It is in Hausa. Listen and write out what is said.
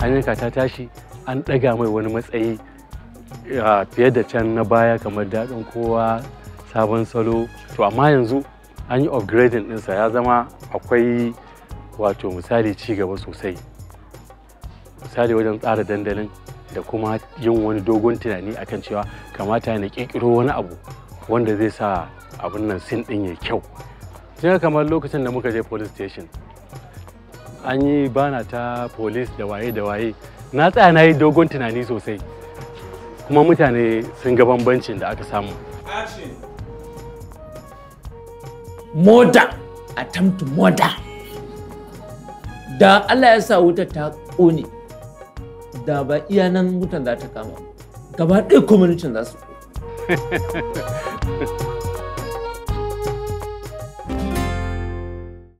an yanka ta tashi an ɗaga mai wani matsayi fiye da can na baya kamar daɗin kowa sabon salo to amma yanzu an yi upgrading ɗinsa ya zama akwai wato misali ci gaba sosai misali wajen tsara dandalin da kuma yin wani dogon tunani akan cewa kamata na ƙirƙiro wani abu wanda zai sa abin nan sin ɗin ya kyau. Tun kamar lokacin da muka je police station an yi bana ta polis da waye da waye na tsaya na yi dogon tunani sosai kuma mutane sun ga bambancin da aka samu moda attempt mota da Allah ya sa wuta ta kone da ba iya nan wutan za ta kama gaba ɗaya kwamitin za su